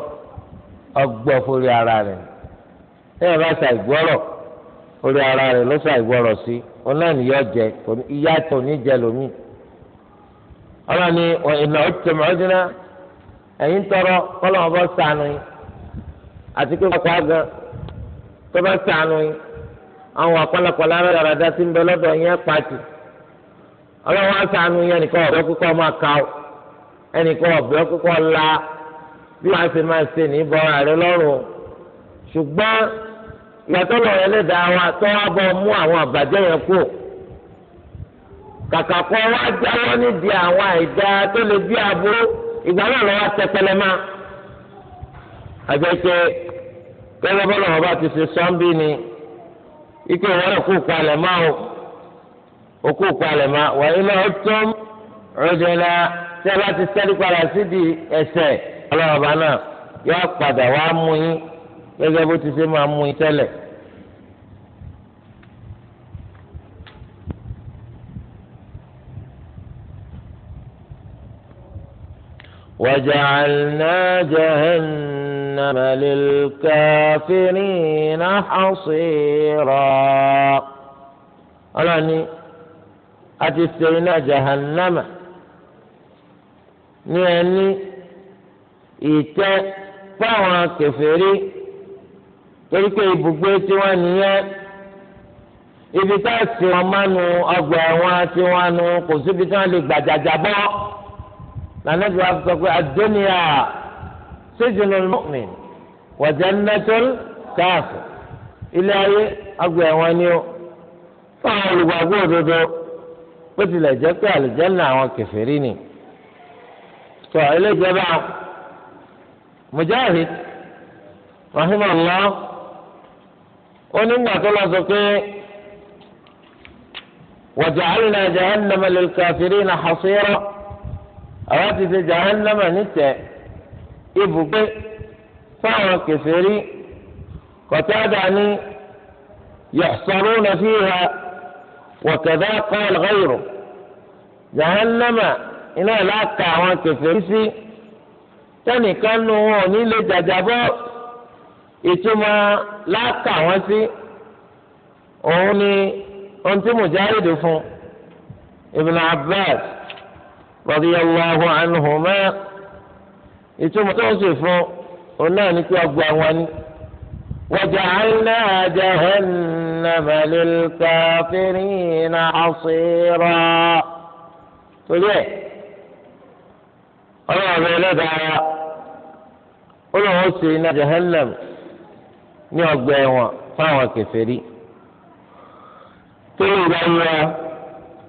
Speaker 1: ọgbọ́ forí ara rẹ̀ tí ẹ bá ṣàìgbọ́rọ̀ forí ara rẹ̀ ló ṣàìgbọ́rọ̀ sí ọlọ́run jẹ ìyá tó ní jẹ lómi ọlọ́run ni ìnà ọ̀tẹ̀mọ̀ ọ̀dínà ẹ̀yìn tọrọ kọ́lọ́mọ bọ́ sànù àti pé kọ́kọ́ gan tó bá sànù àwọn dá sí ń ka ọ́ ẹnìkan ọ̀bẹ kọ́kọ́ la bí wọ́n á ṣe máa ṣe ní ìbọra rẹ lọ́rùn ṣùgbọ́n ìyàtọ̀ lọ rẹ lẹ́dàá wa tọ́ wá bọ́ mú àwọn àbàjẹ́ yẹn kú kàkà kọ́ wá jáwọ́ nídìí àwọn àìdá tó lè bí aburú ìgbà náà lọ́wọ́ tẹpẹlẹ má àjẹkẹ́ gẹ́gẹ́ bọ́lá wọn bá ti ṣe sọ́ńbí ni ike wọn kò palẹ̀ má o òkú palẹ̀ má wà ilé ọtọ́ rẹ̀ dẹ́lá tí ẹ bá ti sẹ́rí padà sídìí ẹsẹ̀ ọlọ́ọ̀bá náà yọ padà wá mú yín gẹ́gẹ́ bó ti ṣe máa mú yín tẹ́lẹ̀. وجعلنا جهنم للكافرين حصيرا أنا أتستينا جهنم ní ẹni ìtẹ́ fáwọn kèfèrí torí pé ibùgbé tiwọn nìyẹn ibi tá a sì wọn mánu ọgbà ẹ̀wọ̀n tiwọn nu kò síbi tí wọn lè gbàjàjà bọ́ lànàbí wa pé àdóníyà sijnul mu'min wa jannatul káàfù ilé ayé ọgbà ẹ̀wọ̀n ni ó fáwọn olùgbàgbọ́ òdodo bó tilẹ̀ jẹ́ pé àwọn فعليه جماعة مجاهد رحمه الله ونمنع كل وجعلنا جهنم للكافرين حصيرا في جهنم نتا ibùgbé fáwọn kẹfẹ́rí kọ́tàdà ni yọ̀sọ̀rọ̀ nàfíhà wọ̀kẹ̀dá kọ́ ọ̀lẹ́gẹ́rù jahannama iná ìlàkà àwọn kẹfẹ́rí sí tẹnìkan nu wọn ò ní lè jàjàbọ́ ìtumọ̀ láàkà wọn sí òun ni ohun tí mujahid fún ibn abbas radiyallahu anhuma ìtumọ̀ tó ń sì fún òun náà ní kí ọgbà wọn ni. وجعلنا جهنم للكافرين حصيرا ọlọ́run ọbẹ̀ ẹlẹ́dàá ó lọ́wọ́ ṣe iná jahannam ní ọgbà ẹ̀wọ̀n fáwọn kèfèrí
Speaker 2: tó lè bá yẹra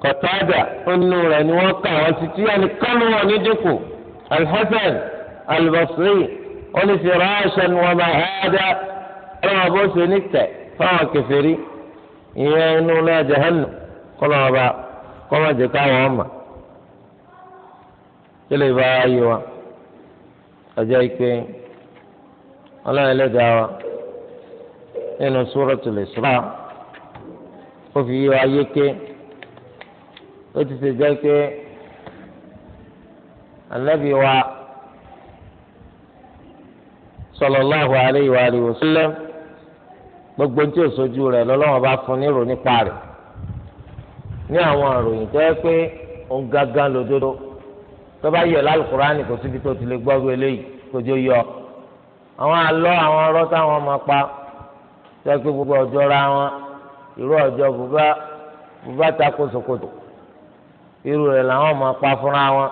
Speaker 1: kọ̀tádà nínú rẹ̀ ni wọ́n kà wọ́n ti tíyà ní kánú wọn ní dínkù alhassan albasri onífìràṣàn wọn bá hàdá ọlọ́run ọbẹ̀ ṣe ní tẹ̀ fáwọn kèfèrí ìyẹn inú náà jahannam kọ́lọ́ọ̀bá kọ́mọ̀jẹ̀ká wọn mọ̀ tẹ́lẹ̀ bá yé wa ọjọ́ ìpè ọlọ́run ẹlẹ́dàá wa nínú Suratul Isra ó fi yé wa yéké ó ti ṣe jẹ́ pé anabi wa sallallahu alayhi wa alihi wa sallam gbogbo tí ó sojú rẹ̀ lọ́lọ́run bá fún nírò nípa rẹ̀ ní àwọn àròyìn tẹ́ pé òun gángan lódodo tó bá yọ lálùkùránì kò síbi tó ti lè gbọ́rú eléyìí kò jó yọ àwọn àlọ́ àwọn ọ̀rọ̀ táwọn máa pa sẹ́kẹ́ gbogbo ọjọ́ ra wọn irú ọjọ́ bùbá bùbá takò ṣòkòtò irú rẹ̀ làwọn máa pa fúnra wọn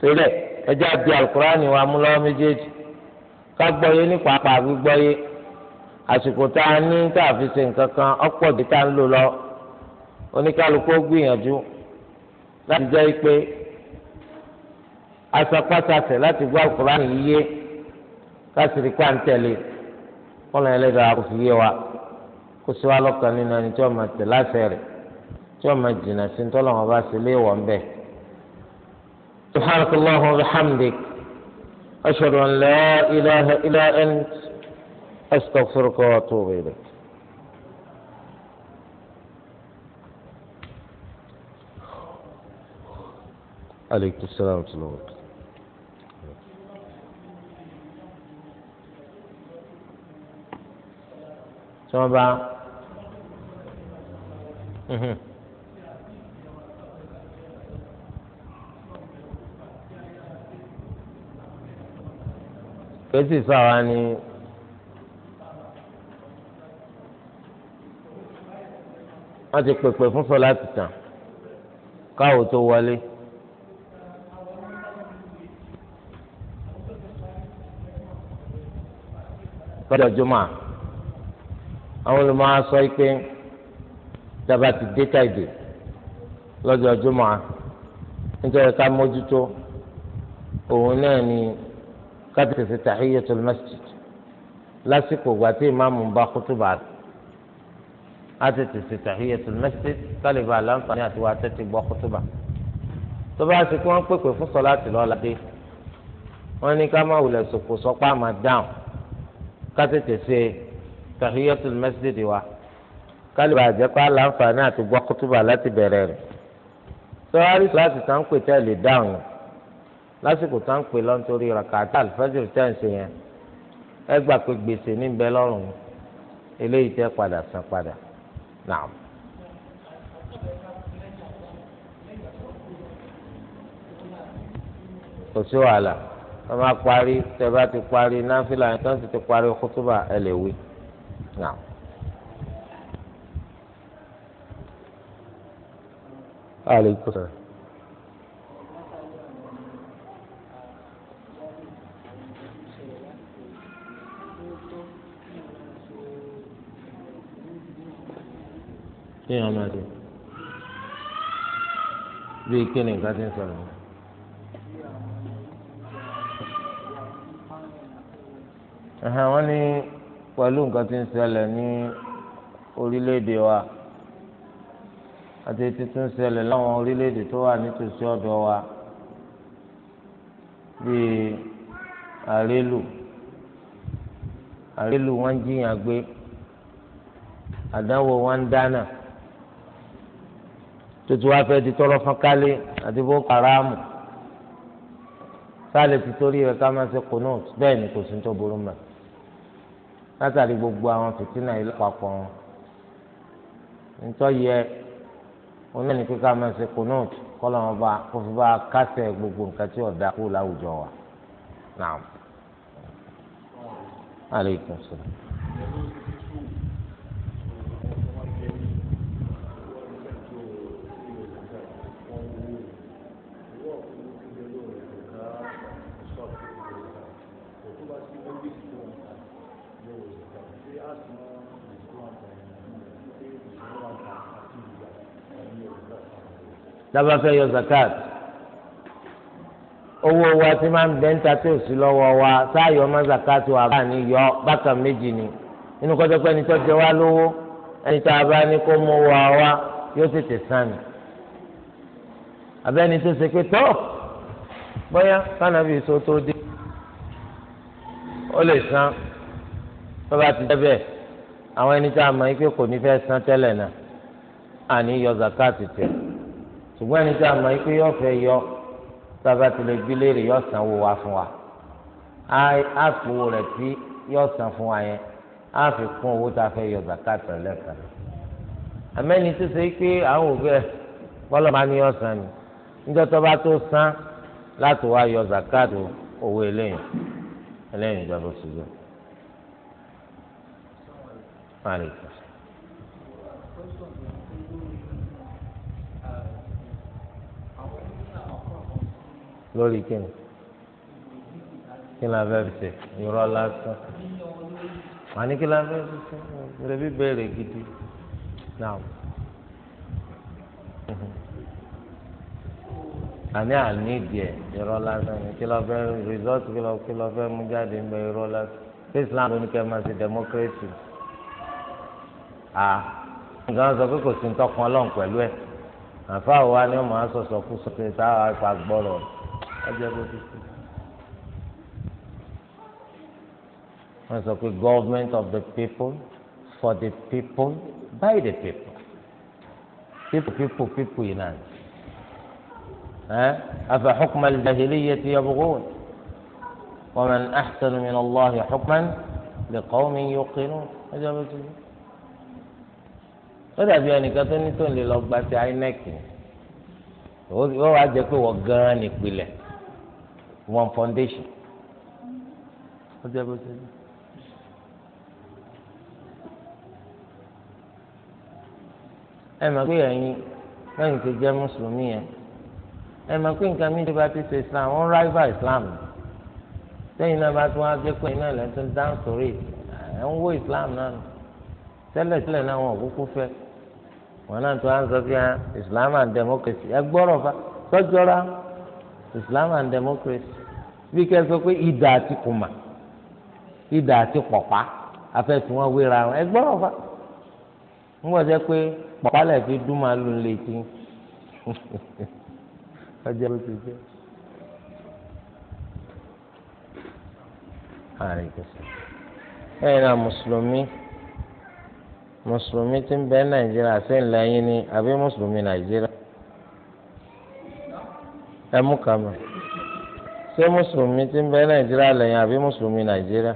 Speaker 1: torí ẹjọ́ àti àlùkùránì wa mú lọ́wọ́ méjèèjì ká gbọ́yé ní pàápàá gbígbọ́yé àsìkò tá a ní tá a fi ṣe nǹkan kan ọ̀pọ̀ bí tá a ń lò lọ oníkálukú gbìyànjú láti jẹ́ pé asapasasẹ láti gbọ́ alukur'an yíyé kásìrì kó à ń tẹ̀lé kọ́lọ́n ẹlẹ́dàá kò fi yé wa kó sí wa lọ́kàn nínú ẹni tí wọ́n máa tẹ̀ láṣẹ rẹ̀ tí wọ́n máa jìnnà sí tọ́lọ́ wọn bá sí lé wọ́n bẹ́ẹ̀.
Speaker 2: سبحانك اللهم وبحمدك
Speaker 1: أشهد أن لا إله إلا أنت أستغفرك وأتوب إليك عليكم السلام ورحمة الله tí wọ́n bá mhm. kesi sọ àwa ni wọ́n ti pèpè fún sọ láti tàn káwọ́ tó wọlé. lọ́jọ́ jùmọ̀ àwọn olùmọ̀ asọ pé dábà ti dé káìdè lọ́jọ́ jùmọ̀ à nítorí ká mójútó òun náà ni ká tètè ṣe tahiyatul masjid lásìkò ìgbà tí ìmáàmù bá kútùbà á tètè ṣe tahiyatul masjid tálíbà láǹfààní àti wàá tètè gbọ́ kútùbà tó bá ṣe kí wọ́n pèpè fún sọ́láàtì lọ́la dé wọ́n ní ká má wulẹ̀ sòkò sọ́pá dáhùn ká tètè ṣe tahiyatul masjid wa kálíbà àjẹpá láǹfààní àti gbọ́ kútúbà láti bẹ̀rẹ̀ rẹ̀ sọ́wárí láti tán pè tẹ́ lè dáhùn lásìkò tán pè lọ́n torí rakata alifájìrì tẹ́ ń ṣe yẹn ẹ gbà pé gbèsè níbẹ̀ lọ́rùn eléyìí tẹ́ padà san padà náà. kò sí wàhálà wọ́n máa parí tẹ́ bá ti parí náfìlà yẹn tán sì ti parí kútúbà ẹ lè wí. نعم عليكم السلام kéèyàn máa dé bíi kí ni nǹkan ti ń sọ̀rọ̀ ẹ̀hán wọ́n ní pẹ̀lú nǹkan tí ń ṣẹlẹ̀ ní orílẹ̀-èdè wa àti títún ṣẹlẹ̀ láwọn orílẹ̀-èdè tó wà nítòsí ọ̀dọ̀ wa bíi àrélù àrélù wọn jiyàn gbé àdánwò wọn ń dáná tuntun wá fẹ́ di tọrọ fọ́nkálé àti boko haram sáà lè ti torí rẹ̀ ká máa ṣe kùnú bẹ́ẹ̀ ni kò sí ní tó burú mọ́ látàrí gbogbo àwọn fìtínà yìí lápapọ̀ wọn nítorí yẹ onáni pé ká máa ṣe kùnúùtù kọ́lọ́ wọn bá kó fi bá kásẹ̀ gbogbo nǹkan tí ọ̀dà kú láwùjọ wa. Naam. Alaikum salaam. dábàá fẹ́ yọ zakat owó wa tí máa ń bẹ́ ń sí lọ́wọ́ wa sáàyọ̀ má zakat wa bá ní yọ bákan méjì ni inú kọjọ pé ẹni tó jẹ wá lówó ẹni tó a bá ní kó mú wa wá yóò tètè sàn ní abẹ́ni tó ṣe pé tọ́ bóyá kánábì so tó dé ó lè san tó bá ti dẹ́bẹ̀ àwọn ẹni tá a mọ̀ yìí pé kò ní fẹ́ san tẹ́lẹ̀ náà àní yọ zakat tiẹ̀ ṣùgbọ́n ẹni tí a mọ̀ pé yóò fẹ́ yọ sábà tí lè gbé léèrè yóò san owó wa fún wa á fi owó rẹ̀ tí yóò san fún wa yẹn á fi kún owó tá a fẹ́ yọ zakat lẹ́ẹ̀kan àmẹ́ni tó ṣe pé àwọn òbí ẹ̀ bọ́lọ̀ máa ní yọ san ni níjọ́ tó bá tó san láti wá yọ zakat owó eléyìí eléyìí ìjọba ṣùgbọ́n. lórí kíni
Speaker 2: kí la fẹ́ fi ṣe irọ́ lásán wà ní
Speaker 1: kí la fẹ́ fi ṣe rẹ bí béèrè gidi náà àní àní díẹ̀ irọ́ lásán kí la fẹ́ result kí la kí la fẹ́ mú jáde ń bẹ irọ́ lásán ṣé Islam ló ní kẹ́ máa ṣe democracy à nǹkan sọ pé kò sí ní tọkàn Ọlọ́run pẹ̀lú ẹ̀ àfa wa ni wọ́n máa sọ̀sọ̀ kú sọ̀tẹ̀ sáà àgbọ̀rọ̀ ajẹ́bó ti sè. sọ pé government of the people for the people by the people people people people yìí náà ẹ afa hukuma al-jahiliyyati yabghun wa man ahsanu min Allah hukman li qawmin yuqinun ajẹ́bó ti sè ó dàbí ẹnìkan tó ní tó ń lè lọ gba ti inec ó wàá jẹ pé wọ́n gan-an nípìnlẹ̀ One foundation ó jẹ́ bó ṣe jẹ́. ẹ máa pé ẹ̀yin lẹ́yìn tó jẹ́ mùsùlùmí yẹn ẹ máa pé nǹkan mi tó bá ti ṣe islam ó ń ráìvà islam sẹ́yìn náà bá tún wá jẹ́ pé iná ẹ̀ tó ń dáhùn sórí ẹ̀ ń wó islam náà nù tẹ́lẹ̀ tẹ́lẹ̀ náà wọn ò kúkú fẹ́ wọn náà tó wá ń sọ fí hàn ah, islam and democracy ẹ gbọ́rọ̀ fa sọ́jọ́ra islam and democracy bí kẹ́ ẹ sọ pé idà àti kùmà idà àti pọ̀pá afẹ́sùn wọn wéra wọn ẹ gbọ́dọ̀ fa ńgbọ́n jẹ́ pé pọ̀pá lẹ̀ fi dún máa lù létí ọjọ́ bó ti jẹ́. ẹ mùsùlùmí mùsùlùmí ti ń bẹ nàìjíríà sí ńlẹ́yìn ni àbí mùsùlùmí nàìjíríà ẹ mú ṣé mùsùlùmí ti ń bẹ nàìjíríà lẹ́yìn àbí mùsùlùmí nàìjíríà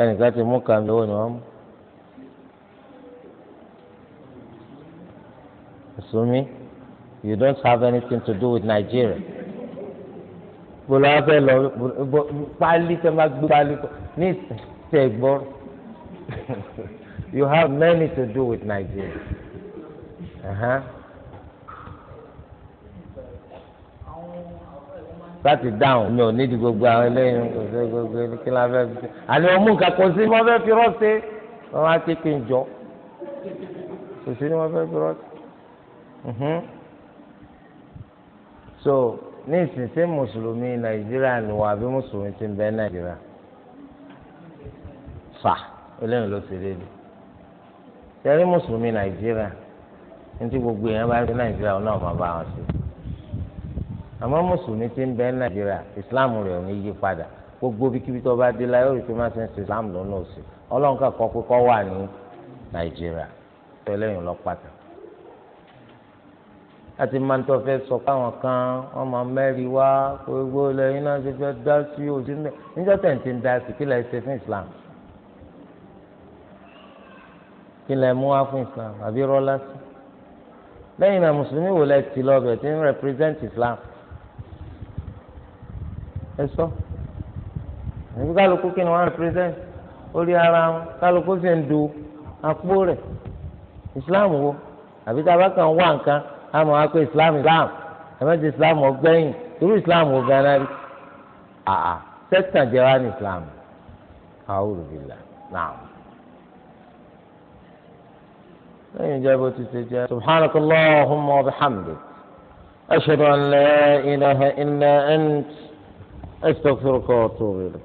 Speaker 1: ẹnìkan ti mú kàn lówó ni wọn mú mùsùlùmí you don't have anything to do with Nigeria gbolo afẹ lọ pali tẹ ma gbé pali ní tẹ gbọ you have many to do with Nigeria láti dáhùn mi ò nídìí gbogbo àwọn eléyìí kò sí gbogbo kí la fẹ́ fi àní ọmú nǹkan kò sí mo fẹ́ fi rọ́ọ̀sì wọn wá ké pé ń jọ kò sí ni mo fẹ́ fi rọ́ọ̀sì. so ní ìsinsìn mùsùlùmí nàìjíríà ni wà bí mùsùlùmí ti ń bẹ nàìjíríà fà eléyìí ló ṣe léde tẹ̀rí mùsùlùmí nàìjíríà ntí gbogbo yẹn bá ń ṣe nàìjíríà ọ náà máa bá wọn ṣe àmọ́ mùsùlùmí ti ń bẹ nàìjíríà ìsìláàmù rẹ̀ ò ní yí padà gbogbo bíkíbi tó bá dé láyé òrìṣẹ́ máa ṣe ń ṣe ìsìláàmù lọ́nà òsì ọlọ́run kà kọ́ pé kọ́ wà ní nàìjíríà tẹ́lẹ̀yìn lọ pàtà láti máa ń tọ́ fẹ́ sọ káwọn kan wọ́n máa mẹ́rin wá gbogbo lẹ́yìn náà ṣe fẹ́ dá sí òsì mẹ́ níjọ́ tẹ̀ ń ti da sí kí lẹ́ ṣe fún ìsìláàmù kí lẹ́ mú wá fún ìsìláàmù àbí rọ́lá sí lẹ́yìn náà mùsùlùmí wò lẹ́ ti lọ bẹ̀ tí ń represent Islam ẹ sọ ẹbí kálukú kí ni wọ́n represent orí ara wọn kálukú sì ń du apó rẹ̀ Islam wo àbí tá a bá kàn wá nǹkan á mọ̀ wá pé Islam Islam ẹ̀mẹ́tì Islam ọgbẹ́yìn irú Islam wo gan-an rí àà sẹ́tàn jẹ́ wá ní Islam àwọn olùbílà náà. إجابة إيه، استجابة سبحانك اللهم وبحمدك أشهد أن لا إله إلا أنت أستغفرك وأتوب إليك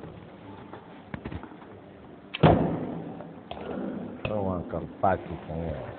Speaker 1: Terima kasih.